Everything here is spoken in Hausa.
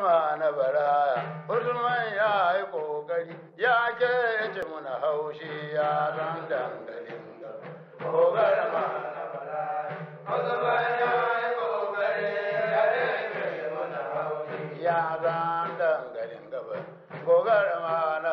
ma na bara usman ya yi kokari ya ke ce muna haushi ya ran dangalin ko ma na bara usman ya yi kokari ya ke ce muna haushi ya ran dangalin gaba ko ma na